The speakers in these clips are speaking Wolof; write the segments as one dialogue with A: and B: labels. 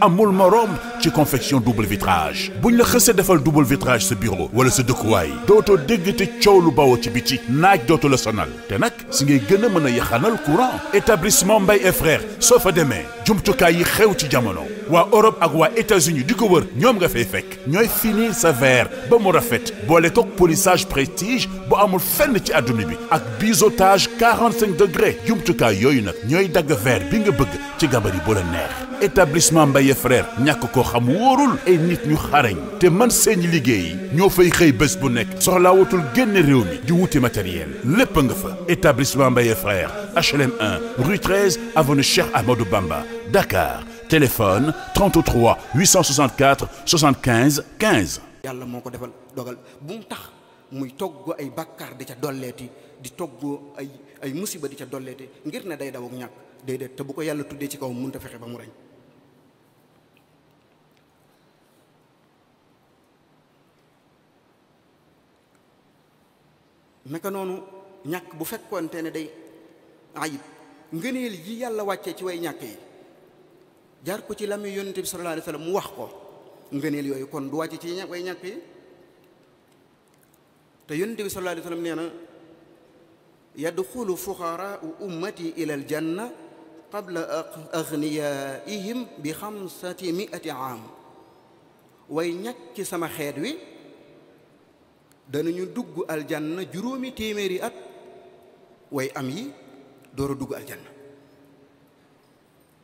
A: amul morom ci confection double bu ñu la xësee defal double vitrage sa bureau wala sa dëkkuwaay dootoo dégg te coow lu bawoo ci ci naaj dootu la sonal te nag si ngay gën a mën a yaxanal courant établissement Mbaye et frères soo fa demee jumtukaay yi xew ci jamono waa Europe ak waa États-Unis di ko wër ñoom nga fay fekk ñooy finir sa verre ba mu rafet boole kook polissage prestige bu amul fenn ci adduna bi ak biseautage 45 degrés jumtukaay yooyu nag ñooy dagg verre bi nga bëgg ci gabari bu la neex établissement Mbaye frère ñàkk koo xam wóorul ay nit ñu xarañ te man seeni liggéey ñoo fay xëy bés bu nekk soxlaa watul génne réew mi di wuti matériel lépp nga fa établissement Mbaye frère HLM 1 rue 13 avenue Cheikh Amadou Bamba Dakar téléphone 33 864 75 15.
B: yàlla moo ko defal dogal bu mu tax muy togg ay bàkkaar di ca dolleeti di togg ay ay musiba di ca dolleeti ngir ne day daw ak ñàkk déedéet te bu ko yàlla tuddee ci kaw mënut a fexe ba mu reñ naka noonu ñàkk bu fekkoonte ne day ayib ngëneel yi yàlla wàccee ci way ñàkk yi jar ko ci lami yonente bi sallallahu alayhi mu wax ko ngëneel yooyu kon du wàcc ci way ñàkk yi te yonente bi sallallahu alayhi nee na yadxulu fuqaraau ummati ila al janna qabla aghniyaihim bi xamsati miati aam way ñàkki sama xeet wi danañu dugg aljanna juróomi téeméeri at way am yi door a dugg aljanna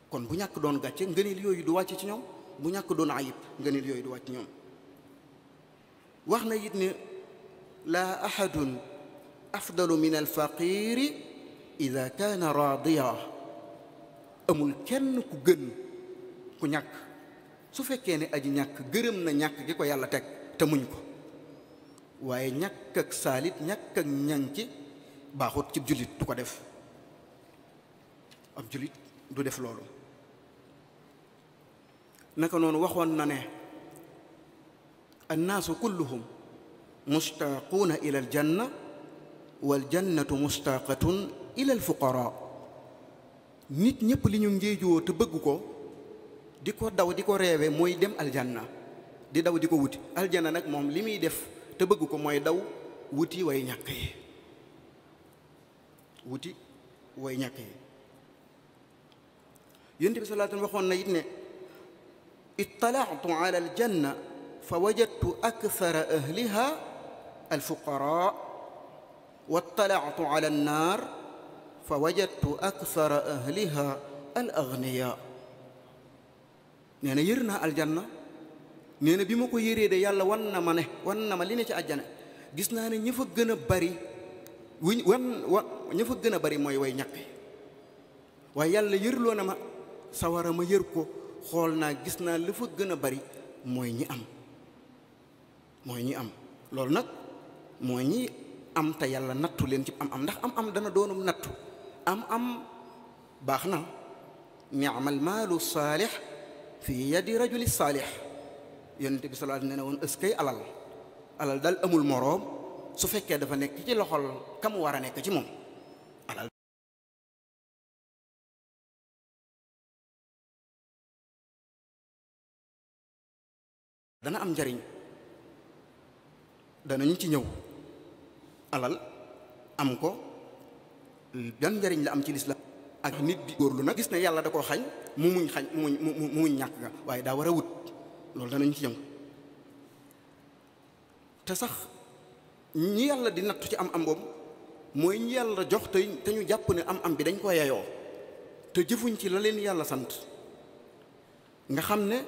B: kon bu ñàkk doon gàcce ngëneel yooyu du wàcc ci ñoom bu ñàkk doon ayib ngëneel yooyu du wàcc ñoom wax na it ne laa ahadun afdalu min alfaqiri ida kaana raadiya amul kenn ku gën ku ñàkk su fekkee ne aj ñàkk gërëm na ñàkk gi ko yàlla teg te muñ ko waaye ñàkk ak saalit ñàkk ak ñànki baaxut ci jullit du ko def ab jullit du def loolu naka noonu waxoon na ne annaasu kulluhum mustaaquuna ila aljanna waljannatu mustaaqatun ila alfuqara nit ñëpp li ñu ngéejoo te bëgg ko di ko daw di ko reewe mooy dem aljanna di daw di ko wuti aljanna nag moom li muy def te bëgg ko mooy daw wuti way ñàkk yi wuti way ñàkk yi yonent bi sallallahu alayhi wa sallam waxoon na it ala aljanna fa wajadtu akthara ahliha alfuqara wa ala annaar fa wajadtu ahliha al aghniya nee na yër naa nee na bi ma ko yéree de yàlla wan na ma ne wan na ma li ne ci àjjana gis naa ne ña fa gën a bari wi wan wa gën a bari mooy way ñàkk waaye yàlla yërloo na ma sawara ma yër ko xool naa gis naa la fa gën a bari mooy ñi am mooy ñi am loolu nag mooy ñi am te yàlla nattu leen ci am am ndax am am dana doonum nattu am am baax na ni'mal maalu saalix fi yadi rajuli saalix yonent bi sallallahu alayhi wasallam ne woon ëskay alal alal dal amul moroom su fekkee dafa nekk ci loxol ka mu war a nekk ci moom alal dana am njariñ danañu ci ñëw alal am ko ban njariñ la am ci lislaam ak nit bi góorlu nag gis ne yàlla da koo xañ mu muñ xañ mu muñ mu muñ ñàkk nga waaye daa war a wut loolu danañ ci ñëw te sax ñi yàlla di nattu ci am am boobu mooy ñi yàlla jox te te ñu jàpp ne am am bi dañ ko yeyoo te jëfuñ ci la leen yàlla sant nga xam ne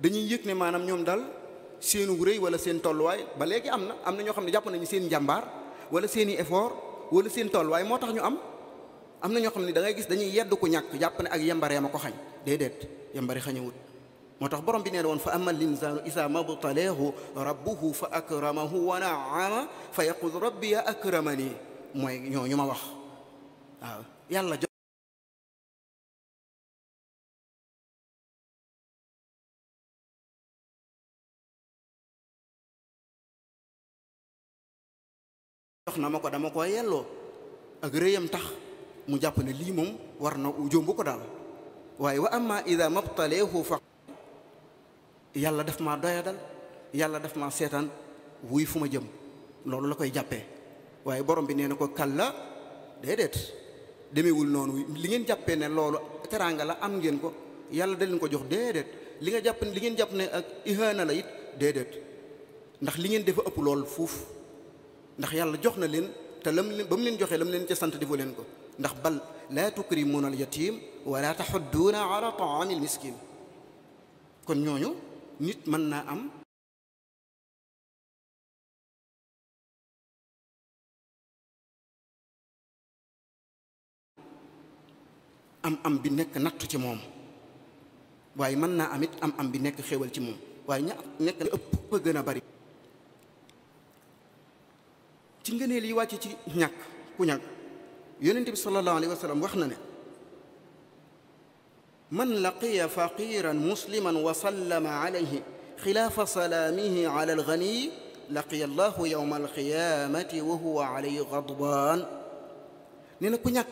B: dañuy yëg ne maanaam ñoom daal seenu rëy wala seen tolluwaay ba léegi am na am na ñoo xam ne jàpp nañu seen njàmbaar wala seeni effort wala seen tolluwaay moo tax ñu am am na ñoo xam ne da gis dañuy yedd ku ñàkk jàpp ne ak yembaree a ko xañ déedéet yembari xañewut moo tax borom bi nee na woon fa ama linsaanu isa mabtaleehu rabbuhu fa akramahu wa naama fa yaqul rabbi akramani mooy ñooñu ma wax
C: waaw yàlla jox
B: na ma ko dama ko yelloo ak tax mu jàpp ne lii moom war na u jombu daal waaye wa amma ida mabtaleehu yàlla daf maa doyadal yàlla def ma seetaan wuy fu ma jëm loolu la koy jàppee waaye borom bi nee na ko kalla déedéet demewul noonu li ngeen jàppee ne loolu teraanga la am ngeen ko yàlla da leen ko jox déedéet li nga jàpp ne li ngeen jàpp ne ak ihaana la it déedéet ndax li ngeen defa ëpp lool fuuf ndax yàlla jox na leen te lam leen ba mu leen joxee lam leen ca sant defoo leen ko ndax bal laa tukrimuuna al yatim wala taxudduuna ala taamil miskin kon ñooñu nit mën naa am am bi nekk nattu ci moom waaye mën naa am it am am bi nekk xéwal ci moom waaye ña nekk ëpp a gën a bari ci ngëneel liy wàcc ci ñàkk ku ñàkk yonent bi sallallahu alayhi wa wax na ne man laqiya faqiran musliman wa sallama alayhi xilaafa salaamihi ala alxani laqiya allahu yowma alqiyaamati wa huwa alayhi gadbaan nee na ku ñàkk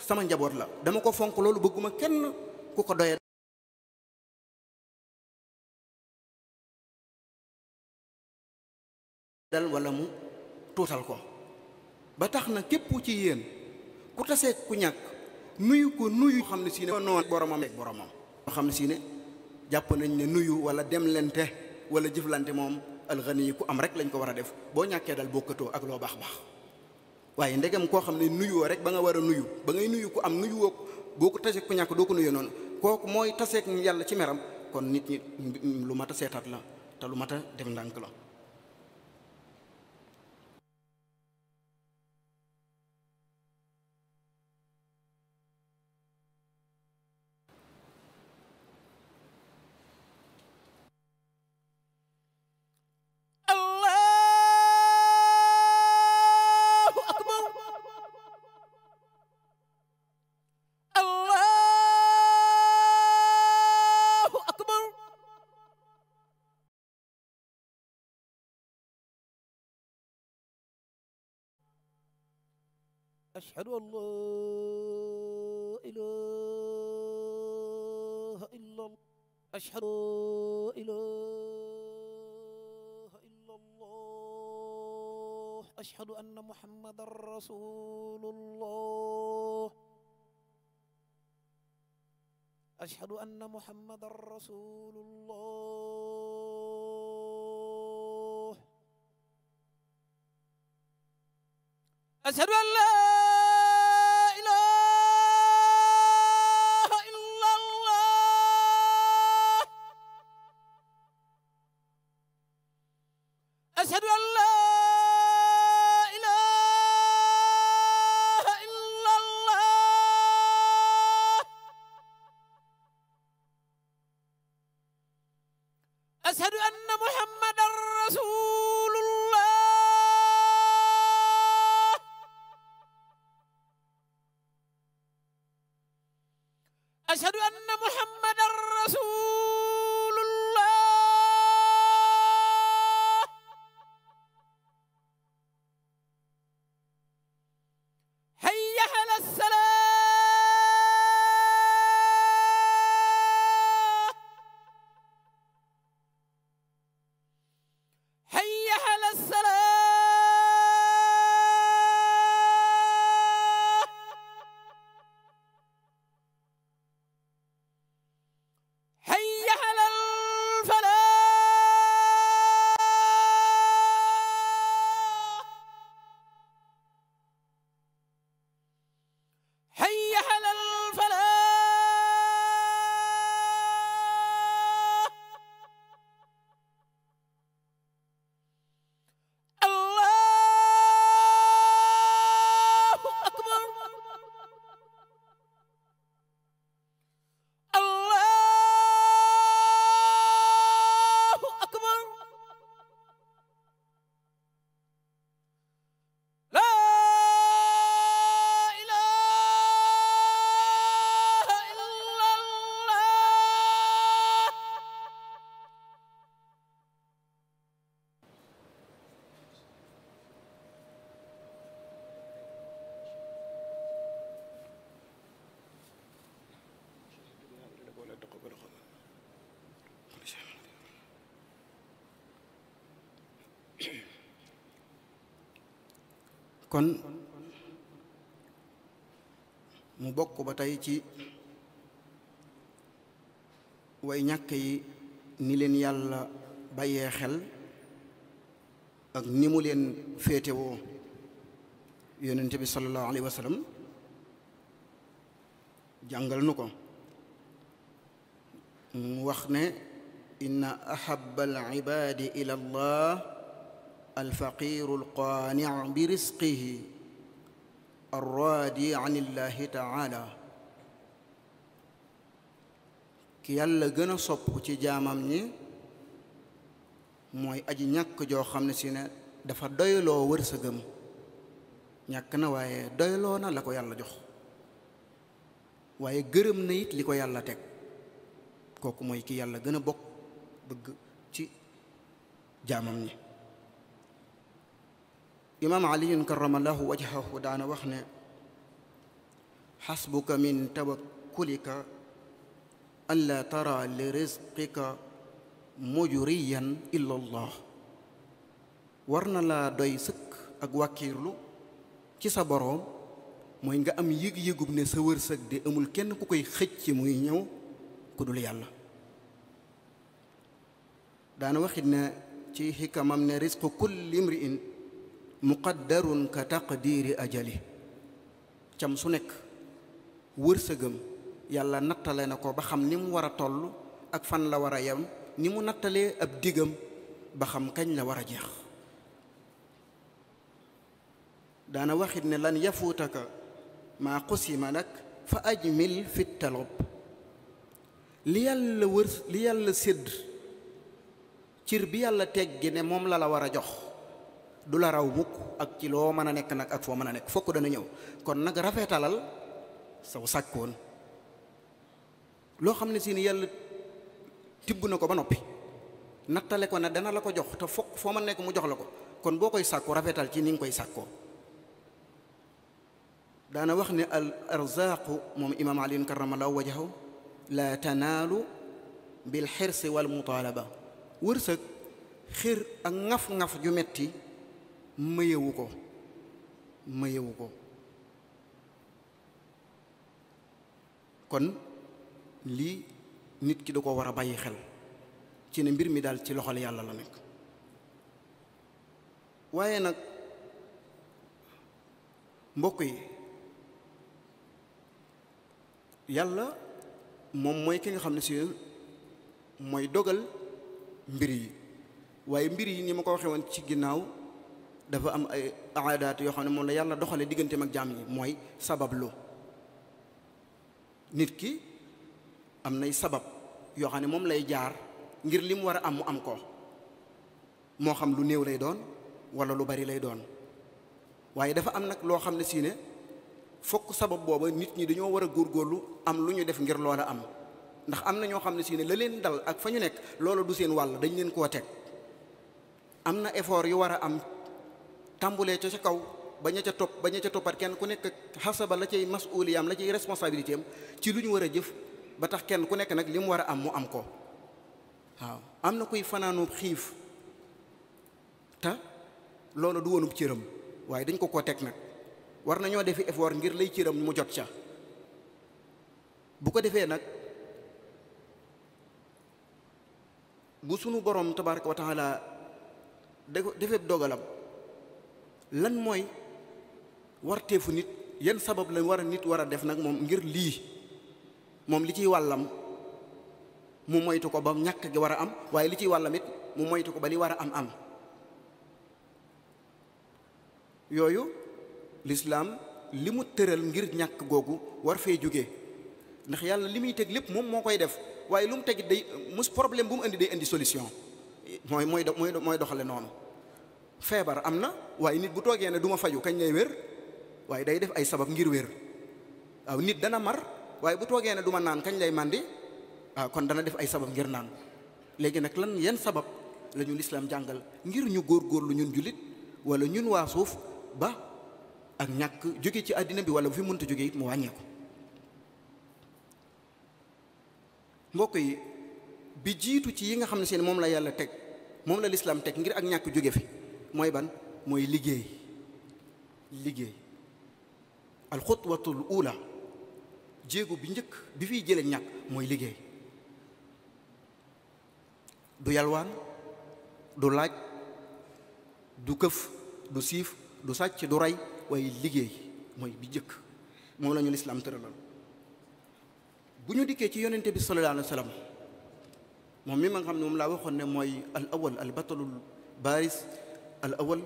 B: sama njaboot la dama ko fonk loolu bëgguma kenn ku ko doyee dal wala mu tuutal ko ba tax na képp ci yéen ku taseeg ku ñàkk nuyu ko nuyu xam ne si ne noonu boromam ak boromam xam ne si ne jàpp nañ ne nuyu wala dem lente wala jëflante moom alxani yi ku am rek lañ ko war a def boo ñàkkee dal bokkatoo ak loo baax baax waaye ndegam koo xam ne nuyoo rek ba nga war a nuyu ba ngay nuyu ku am nuyu woo boo ko tasee ku ñàkk doo ko nuyoo noonu kooku mooy taseeg yàlla ci meram kon nit ñi lu mat a seetaat la te lu mat a dem ndànk la
D: أشهد أن لا إله إلا الله أشهد لا إله إلا الله أشهد أن محمدا رسول الله أشهد أن محمدا رسول الله أشهد أن لا واشهد ان لا
B: ko kon mu bokk ba tey ci way ñàkk yi ni leen yàlla bàyyee xel ak ni mu leen féetewoo yonente bi sallallahu alayhi wa jàngal nu ko wax ne inna ahaba alcibaadi ila llah alfaqiru alqaanic bi risqihi arraadi an illahi taala ki yàlla gën a sopp ci jaamam ñi mooy aj ñàkk joo xam ne si ne dafa doyloo wërsëgam ñàkk na waaye doyloo na la ko yàlla jox waaye gërëm na it li ko yàlla teg kooku mooy ki yàlla gën a bokk bëgg ci jaamam ñi imaam aliyun karamallahu wajhahu daana wax ne xasbuka min tawakkulika an laa tara li rizqika mujriyan illa allah war na laa doy sëkk ak wàkkiirlu ci sa borom mooy nga am yëg-yëgub ne sa wërsëg de amul kenn ku koy xëcc muy ñëw ku dul yàlla daana waxit ne ci xikamam ne risqu kulli imri'in muqaddarun ka taqdiiri ajali cam su nekk wërsëgam yàlla nattale na ko ba xam ni mu war a toll ak fan la war a yem ni mu nattalee ab digam ba xam kañ la war a jeex daana waxit ne lan yafuutaka maa qusima lak fa ajmil fi talub li yàlla wër li yàlla sédd cir bi yàlla teggi ne moom la la war a jox du la raw mukk ak ci loo mën a nekk nag ak foo mën a nekk fokk dana ñëw kon nag rafetalal saw koon loo xam ne si ni yàlla tibb na ko ba noppi nattale ko ne dana la ko jox te fokk foo mën nekk mu jox la ko kon boo koy sàkku rafetal ci ni nga koy sàkkoo daana wax ne al arzaaqu moom imaam aliyun karamallahu wajahu la tanaalu bil xirsi wal mutaalaba wërsëg xir ak ŋaf-ŋaf ju metti mayewu ko mayewu ko kon lii nit ki da ko war a bàyyi xel ci ne mbir mi daal ci loxol yàlla la nekk waaye nag mbokk yi yàlla moom mooy ki nga xam ne si mooy dogal mbir yi waaye mbir yi ni ma ko waxee woon ci ginnaaw dafa am ay aadaat yoo xam ne moom la yàlla doxale digganteem ak jaam yi mooy sabablu nit ki am nay sabab yoo xam ne moom lay jaar ngir li mu war a am mu am ko moo xam lu néew lay doon walla lu bari lay doon waaye dafa am nag loo xam ne siine ne fokk sabab booba nit ñi dañoo war a góorgóorlu am lu ñu def ngir loola am ndax am na ñoo xam ne si ne la leen dal ak fa ñu nekk loolu du seen wàll dañ leen koo teg am na efoor yu war a am tàmbulee ca ca kaw ba ña ca topp ba ña ca toppat kenn ku nekk xasaba la cay masuliyaam la cay responsabilité ci lu ñu war a jëf ba tax kenn ku nekk nag li mu war a am mu am ko waaw am na kuy fanaanub xiif te loolu du woonub cëram waaye dañ ko koo teg nag war nañoo def effort ngir lay cëram mu jot ca bu ko defee nag bu sunu borom tabaraka wa taala defee dogalam lan mooy warteefu nit yan sabab lañ war a nit war a def nag moom ngir lii moom li ciy wàllam mu moytu ko ba ñàkk gi war a am waaye li ciy wàllam it mu moytu ko ba li war a am am yooyu lislaam li mu tëral ngir ñàkk googu war fee jóge ndax yàlla li muy teg lépp moom moo koy def waaye lu mu tegit day mus problème bu mu indi day indi solution mooy mooy mooy doxale noonu feebar am na waaye nit bu toogee ne du ma faju kañ lay wér waaye day def ay sabab ngir wér nit dana mar waaye bu toogee ne du ma naan kañ lay màndi kon dana def ay sabab ngir naan léegi nag lan yan sabab lañu ñu lislaam jàngal ngir ñu góor góor lu ñun jullit wala ñun waa suuf ba ak ñàkk jóge ci àddina bi wala bu fi mënta jóge it mu wàññeeku. mbokk yi bi jiitu ci yi nga xam ne seen moom la yàlla teg moom la lislaam teg ngir ak ñàkk jóge fi mooy ban mooy liggéey liggéey alxutwatul ula jéego bi njëkk bi fiy jëlee ñàkk mooy liggéey du yalwaan du laaj du këf du siif du sàcc du rey waaye liggéey mooy bi jëkk moom lañu ñu lislaam tëralal bu ñu dikkee ci yonente bi sallallahu alayhi moom mi ma nga xam ne moom laa waxoon ne mooy al awal al batalul baris al awal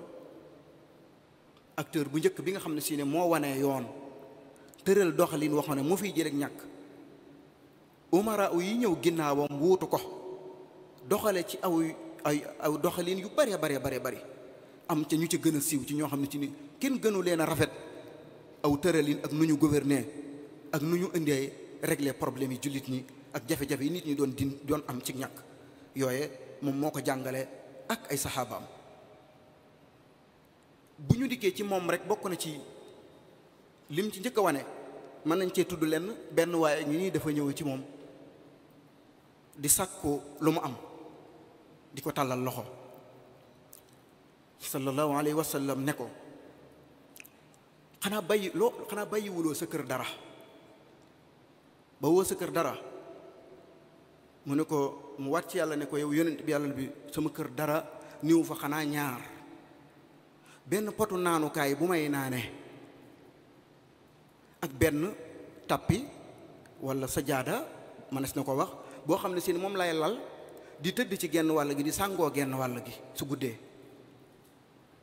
B: acteur bu njëkk bi nga xam ne si ne moo wanee yoon tëral doxalin waxoon ne mu fiy jël ak ñàkk umara yi ñëw ginnaawam wuutu ko doxale ci aw ay aw doxalin yu bare bare bare bare am ca ñu ci gën a siiw ci ñoo xam ne ci ni kenn gënu leen a rafet aw tëralin ak nu ñu gouverner ak nu ñu indee régler problème yi jullit ñi ak jafe-jafe yi nit ñi doon din doon am ci ñàkk yooye moom moo ko jàngale ak ay saxaabaam bu ñu dikkee ci moom rek bokk na ci lim ci njëkk a wane mën nañ cee tudd lenn benn waaye ñu nii dafa ñëw ci moom di ko lu mu am di ko tàllal loxo sallallahu alayhi wa sallam ne ko xanaa bàyyi loo xanaa bàyyiwuloo sa kër dara ba woo sa kër dara mu ne ko mu ci yàlla ne ko yow yonent bi yàlla bi sama kër dara niwu fa xanaa ñaar benn potu naanukaay bu may naane ak benn tappi wala sajaada mënees na ko wax boo xam ne si moom lay lal di tëdd ci genn wàll gi di sàngoo genn wàll gi su guddee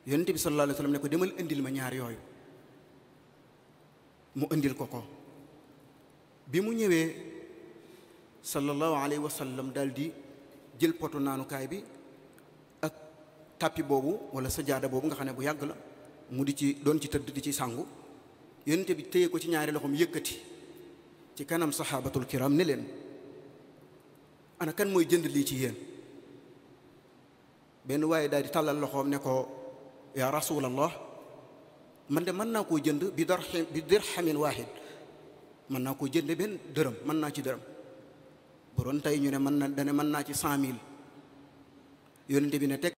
B: yonent bi sallallahu alayhi wa sallam ne ko demal indil ma ñaar yooyu mu indil ko ko bi mu ñëwee sallallahu alayhi wa daldi jël potu naanukaay bi ak tàppi boobu wala sajaada boobu nga xam ne bu yàgg la mu di ci doon ci tëdd di ci sangu yonente bi téye ko ci ñaari loxoom yëkkati ci kanam saxaabatul kiram ni leen ana kan mooy jënd lii ci yéen benn waaye daldi tàllal loxoom ne ko yaa rasulallah man de mën naa koo jënd bi darxamin bi dirhamin waahid mën naa koo jënde benn dërëm mën naa ci dërëm bu doon ñu ne mën na dane mën naa ci cent mille yónnente bi ne teg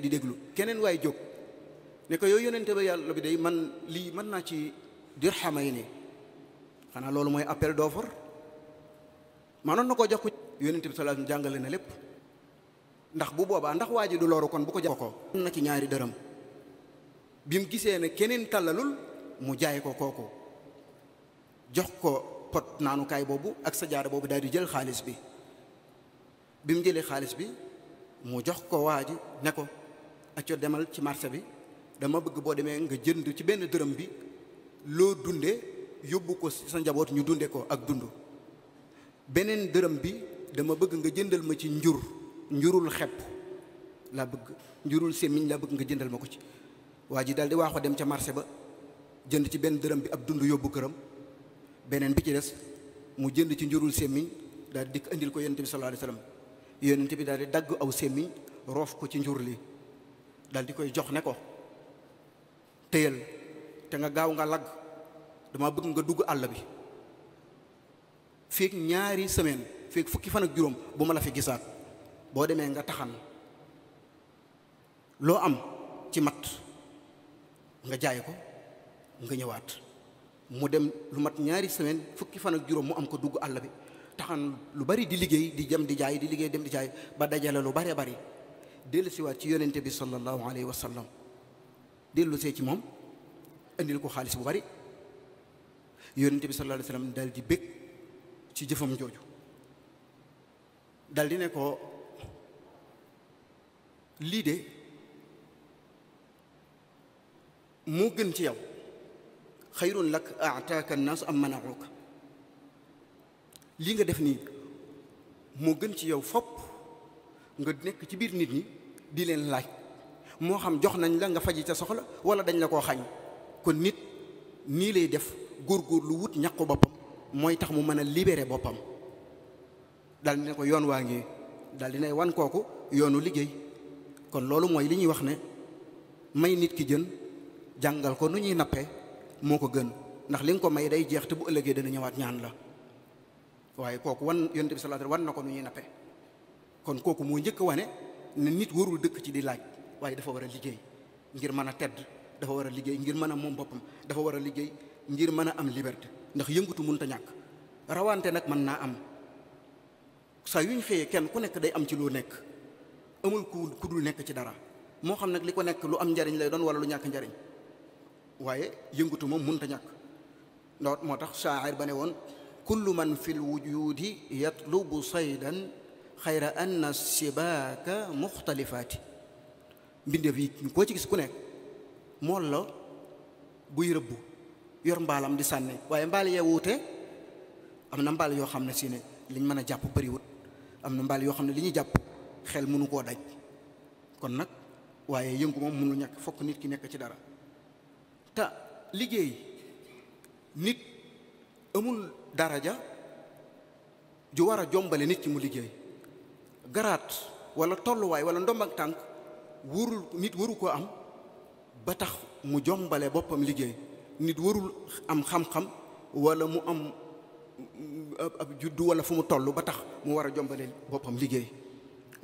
B: di déglu keneen waaye jóg nekk ko yow yónnente ba yàlla bi day man lii mën naa ci dirhama yi ne xanaa loolu mooy appel d'offre manoon na koo jox ko yonent bi sallallahu alayhi wasallam jàngale na lépp ndax bu boobaa ndax waa ji du loru kon bu ko jox ko na ñaari dërëm bi mu gisee ne keneen tallalul mu jaay ko kooku jox ko pot naanukaay boobu ak sajaada boobu daal di jël xaalis bi bi mu jëlee xaalis bi mu jox ko waa ji ne ko acco demal ci marché bi dama bëgg boo demee nga jënd ci benn dërëm bi loo dunde yóbbu ko sa njaboot ñu dunde ko ak dund beneen dërëm bi dama bëgg nga jëndal ma ci njur njurul xepp laa bëgg njurul sémmiñ laa bëgg nga jëndal ma ko ci waa ji daal di waaxoo dem ca marché ba jënd ci benn dërëm bi ab dund yóbbu këram beneen bi ci des mu jënd ci njurul sémmiñ daal di dikk indil ko yonent bi sallallahu alayhi wasallam yonent bi daal di dagg aw sémmiñ roof ko ci njur li daal di koy jox ne ko téyal te nga gaaw nga lagg dama bëgg nga dugg àll bi feek ñaari semaine feek fukki fan ak juróom bu ma la fi gisaat boo demee nga taxan loo am ci mat nga jaay ko nga ñëwaat mu dem lu mat ñaari semaine fukki fan ak juróom mu am ko dugg àll bi taxan lu bari di liggéey di dem di jaay di liggéey dem di jaay ba dajale lu bare bari dellusiwaat ci yonente bi sallallahu alayhi wa sallam dellusee ci moom indil ko xaalis bu bari yonente bi sallallahu alayhi wa sallam dal di bëgg ci jëfam jooju daldi ne ko lii de moo gën ci yow xayrun lak aataaka su am manauka lii nga def nii moo gën ci yow fopp nga nekk ci biir nit ñi di leen laaj moo xam jox nañ la nga faji ca soxla wala dañ la koo xañ kon nit nii lay def góor góor lu wut ñàqu boppam mooy tax mu mën a libere boppam dal di ne ko yoon waa ngi dal di ne wan kooku yoonu liggéey kon loolu mooy li ñuy wax ne may nit ki jën jàngal ko nu ñuy nappe moo ko gën ndax li nga ko may day jeex te bu ëllëgee dana ñëwaat ñaan la waaye kooku wan yonent bi sallallahu wan na ko nu ñuy nappe kon kooku moo njëkk wane ne nit warul dëkk ci di laaj waaye dafa war a liggéey ngir mën a tedd dafa war a liggéey ngir mën a moom boppam dafa war a liggéey ngir mën a am liberté ndax yëngutu mënut a ñàkk rawante nag mën naa am saa yu ñu xëyee kenn ku nekk day am ci loo nekk amul ku ku dul nekk ci dara moo xam nag li ko nekk lu am njariñ lay doon wala lu ñàkk njariñ waaye yëngutu moom mënut ñàkk ndaw moo tax shaa'ir ba ne woon kullu man fil wujudi yatlubu saydan xayra anna sibaaka muxtalifaati mbindeef yi koo ci gis ku nekk mool buy rëbbu yor mbaalam di sànni waaye mbaal yee wuute am na mbaal yoo xam ne si li mën a jàpp bëriwut am na mbaal yoo xam ne li ñuy jàpp xel mënu koo daj kon nag waaye yëngu moom nekk ñàkk fokk nit ki nekk ci dara te liggéey nit amul dara ja ju war a jombale nit ki mu liggéey garaat wala tolluwaay wala ndombak tànk wurul nit waru koo am ba tax mu jombale boppam liggéey nit warul am xam-xam wala mu am mm, ab juddu wala fu mu toll ba tax mu war a jombaleel boppam liggéey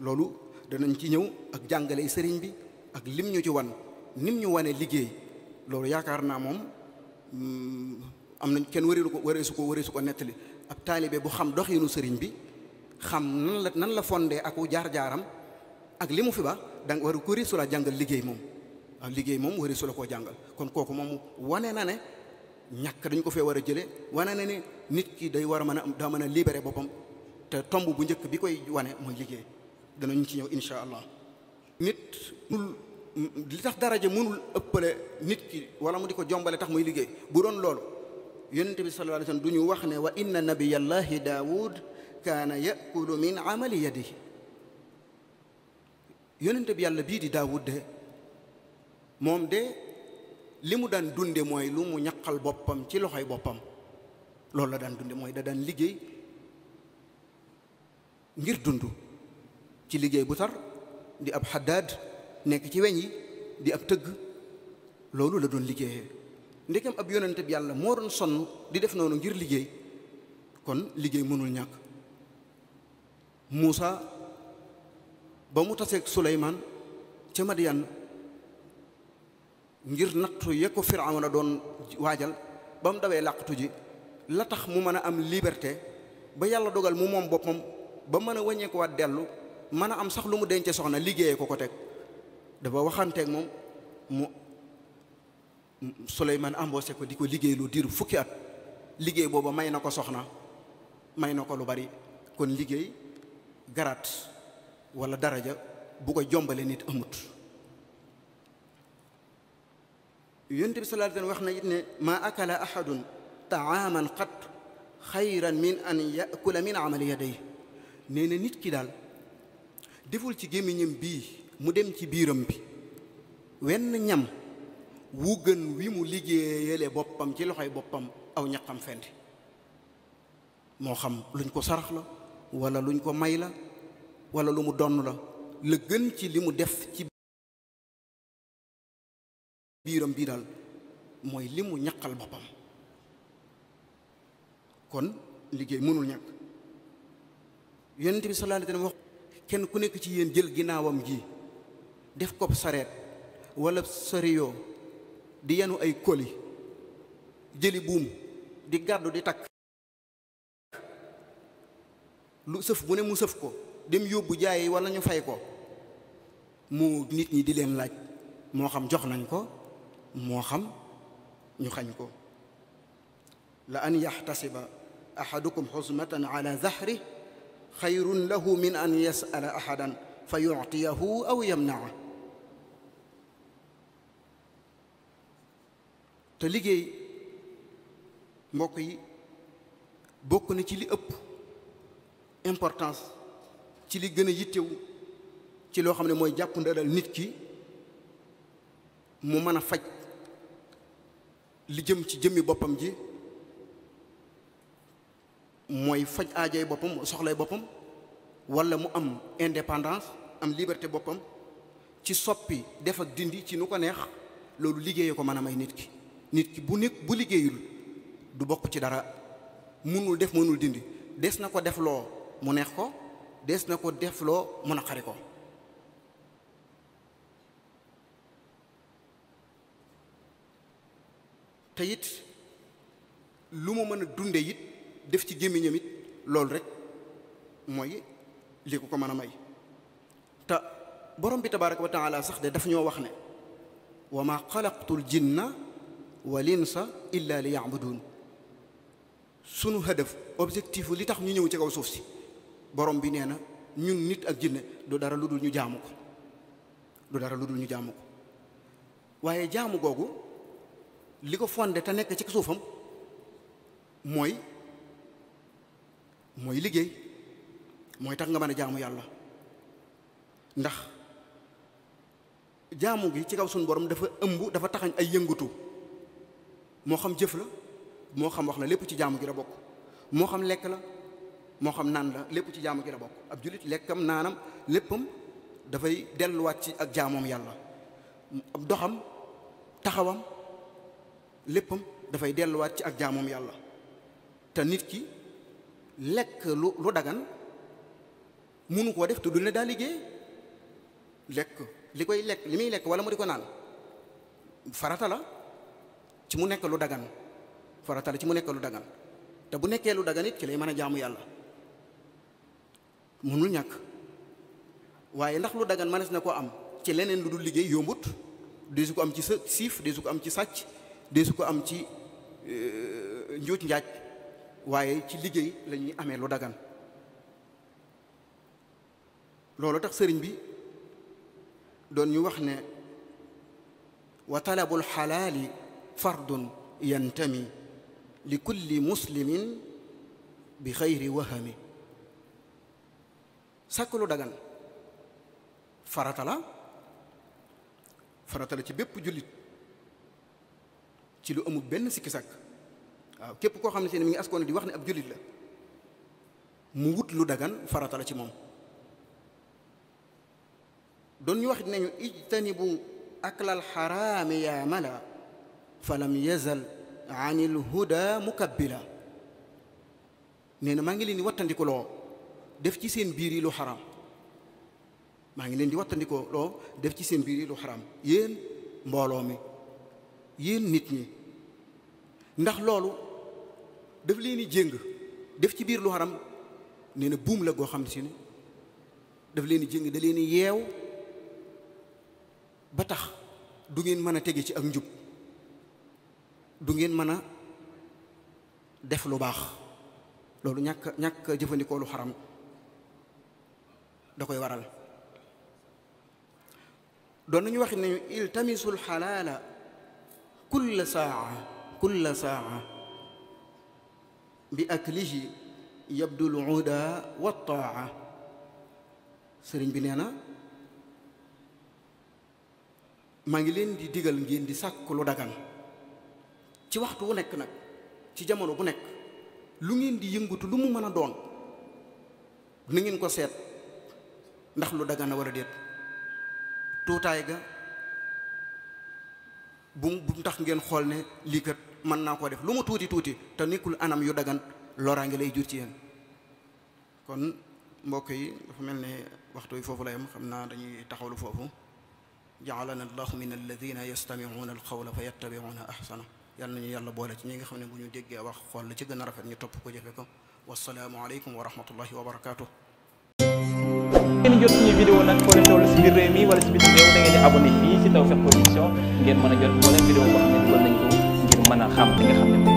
B: loolu danañ ci ñëw ak jàngale sëriñ bi ak lim ñu ci wan nim ñu wane liggéey loolu yaakaar naa moom mm, am nañ kenn wëreelu ko wëreesu ko wëreesu ko nettali ab taalibe bu xam doxiinu sëriñ bi xam nan la nan la fondee ak aku jaar-jaaram ak li mu fi ba danga war a ko su la jàngal liggéey moom Ah, liggéey moom wari su la koo jàngal kon kooku moom wane na ne ñàkk dañ ko fee war a jëlee wane na ne nit ki day war a mën a daa mën a libéré boppam te tomb bu njëkk bi koy wane mooy liggéey danañ ci ñëw insha allah nit mënul li tax daraja mënul ëppale nit ki wala mu di ko jombale tax muy liggéey bu doon loolu yonente bi sallallahu alayhi wasallam du ñu wax ne wa inna nabiyallahi daawud kaana yakulu min amali yadihi yonente bi yàlla bii di daawud de moom de li mu daan dunde mooy lu mu ñaqal boppam ci loxoy boppam loolu la daan dunde mooy da daan liggéey ngir dund ci liggéey bu tar di ab xaddaad nekk ci weñ yi di ab tëgg loolu la doon liggéeyee ndegam ab yonente bi yàlla moo doon sonn di def noonu ngir liggéey kon liggéey mënul ñàkk Muusa ba mu taseeg Suleymaan ca Madyan ngir nattu ya ko a doon waajal ba mu dawee làqatu ji la tax mu mën a am liberté ba yàlla dogal mu moom boppam ba mën a wàññeekuwaat dellu mën a am sax lu mu dencee soxna liggéeyee ko ko teg dafa waxanteeg moom mu Souleymane embauché ko di ko liggéey lu diiru fukki at liggéey booba may na ko soxna may na ko lu bari kon liggéey garaat wala daraja bu ko jombale nit amut yonent bi sallallahu alayhi wa sallam wax na it ne ma akala ahadun taaman qat xayran min an yakula min amali yadayhi nee na nit ki daal deful ci gémmiñam bii mu dem ci biiram bi wenn ñam wu gën wi mu liggéeyale boppam ci loxoy boppam aw ñaqam fendi moo xam luñ ko sarax la wala luñ ko may la walla lu mu donn la la gën ci li mu def ci biiram bii daal mooy li mu ñaqal boppam kon liggéey mënul ñàkk yonent bi sallallahu alayhi wax kenn ku nekk ci yéen jël ginnaawam ji def ko sareet wala sariyoo di yenu ay koli jëli buum di gàddu di takk lu sëf bu ne mu sëf ko dem yóbbu jaay wala ñu fay ko mu nit ñi di leen laaj moo xam jox nañ ko moo xam ñu xañ ko la an yaxtasiba ahadukum xusmatan ala zahri xayrun lahu min an yasala ahadan fa yuctiyahu aw yamnaa te liggéey mbokk yi bokk na ci li ëpp importance ci li gën a yittewu ci loo xam ne mooy jàpp ndalal nit ki mu mën a faj li jëm ci jëmmi boppam ji mooy faj aajay boppam soxlay boppam walla mu am indépendance am liberté boppam ci soppi def ak dindi ci nu ko neex loolu liggéeyee ko mën a may nit ki nit ki bu nekk bu liggéeyul du bokk ci dara mënul def mënul dindi des na ko def loo mu neex ko des na ko defloo loo mu naqari ko te it lu mu mën a dunde it def ci gémmiñam it loolu rek mooy li ko ko mën a may te borom bi tabaraka wa taala sax de daf ñoo wax ne wa ma xalaqtul jinna wal insa illa li ya'budun sunu hadaf objectif li tax ñu ñëw ci kaw suuf si borom bi nee na ñun nit ak jinne du dara lu dul ñu jaamu ko du dara lu dul ñu jaamu ko waaye jaamu googu li ko fondé te nekk ci suufam mooy mooy liggéey mooy tax nga mën a jaamu yàlla ndax jaamu gi ci kaw sunu borom dafa ëmb dafa taxañ ay yëngatu moo xam jëf la moo xam wax la lépp ci jaamu gi la bokk moo xam lekk la moo xam naan la lépp ci jaamu gi la bokk ab jullit lekkam naanam léppam dafay delluwaat ci ak jaamoom yàlla ab doxam taxawam léppam dafay delluwaat ci ak jaamoom yàlla te nit ki lekk lu lu dagan munu koo def te dul ne daa liggéey lekk li koy lekk li muy lekk wala mu di ko naan faratala ci mu nekk lu dagan farata la ci mu nekk lu dagan te bu nekkee lu dagan ci lay mën a jaamu yàlla munul ñàkk waaye ndax lu dagan mënees na koo am ci leneen lu dul liggéey yombut desu ko am ci sa siif desu ko am ci sàcc de su ko am ci euh, njuuj njaaj waaye ci liggéey lañuy ñuy amee lu dagan loolu tax sëriñ bi doon ñu wax ne wa talabul xalaali fardun yantami li kulli muslimin bi xayri wahami sàkk lu dagan farata faratala ci bépp jullit ci lu amul benn sikki sàkk waaw képp koo xam ne si ne mi ngi askoon di wax ne ab jullit la mu wut lu dagan farata ci moom doon ñu wax nañu bu aklal xaraami yaa mala falam yazal anil huda mukabbila nee na maa ngi leen di loo def ci seen biir yi lu xaraam maa ngi leen di loo def ci seen biir yi lu xaraam yéen mbooloo mi yéen nit ñi ndax loolu daf leen di jéng def ci biir lu xaram nee na buum la goo xam si ne daf leen jëng daleen da yeew ba tax du ngeen mën a tege ci ak njub du ngeen mën a def lu baax loolu ñàkk ñàkk jëfandikoo lu xaram da koy waral doon nañu wax ne iltamisul xalaala kulla saa kulla saa bi aklihi yabdul uda wa taa sëriñ bi nee na maa ngi leen di digal ngeen di sàkk lu dagan ci waxtu wu nekk nag ci jamono bu nekk lu ngeen di yëngatu lu mu mën a doon na ngeen ko seet ndax lu war a wala tuutaay ga bu mu tax ngeen xool ne lii mën naa ko def lu mu tuuti tuuti te nekkul anam yu dagan loraange lay jur ci yéen kon mbokk yi dafa mel ne waxtu foofu la yam xam naa dañuy taxaw taxawlu foofu jaalana allahu min alladina yastamicuuna alqawla fa yattabicuuna ahsana yàlla nañu yàlla boole ci ñi nga xam ne bu ñu déggee wax xool la ci gën a rafet ñu topp ko jëfe ko wasalaamu aleykum wa rahmatullahi wa barakaatuh ngeen jot suñu vidéo nag foo leen si biir réew mi si biir réew da ngeen di abonné fii si Tawfekh Production ngeen mën a jot moo leen vidéo boo xam ne dugal mën a xam li nga xam ne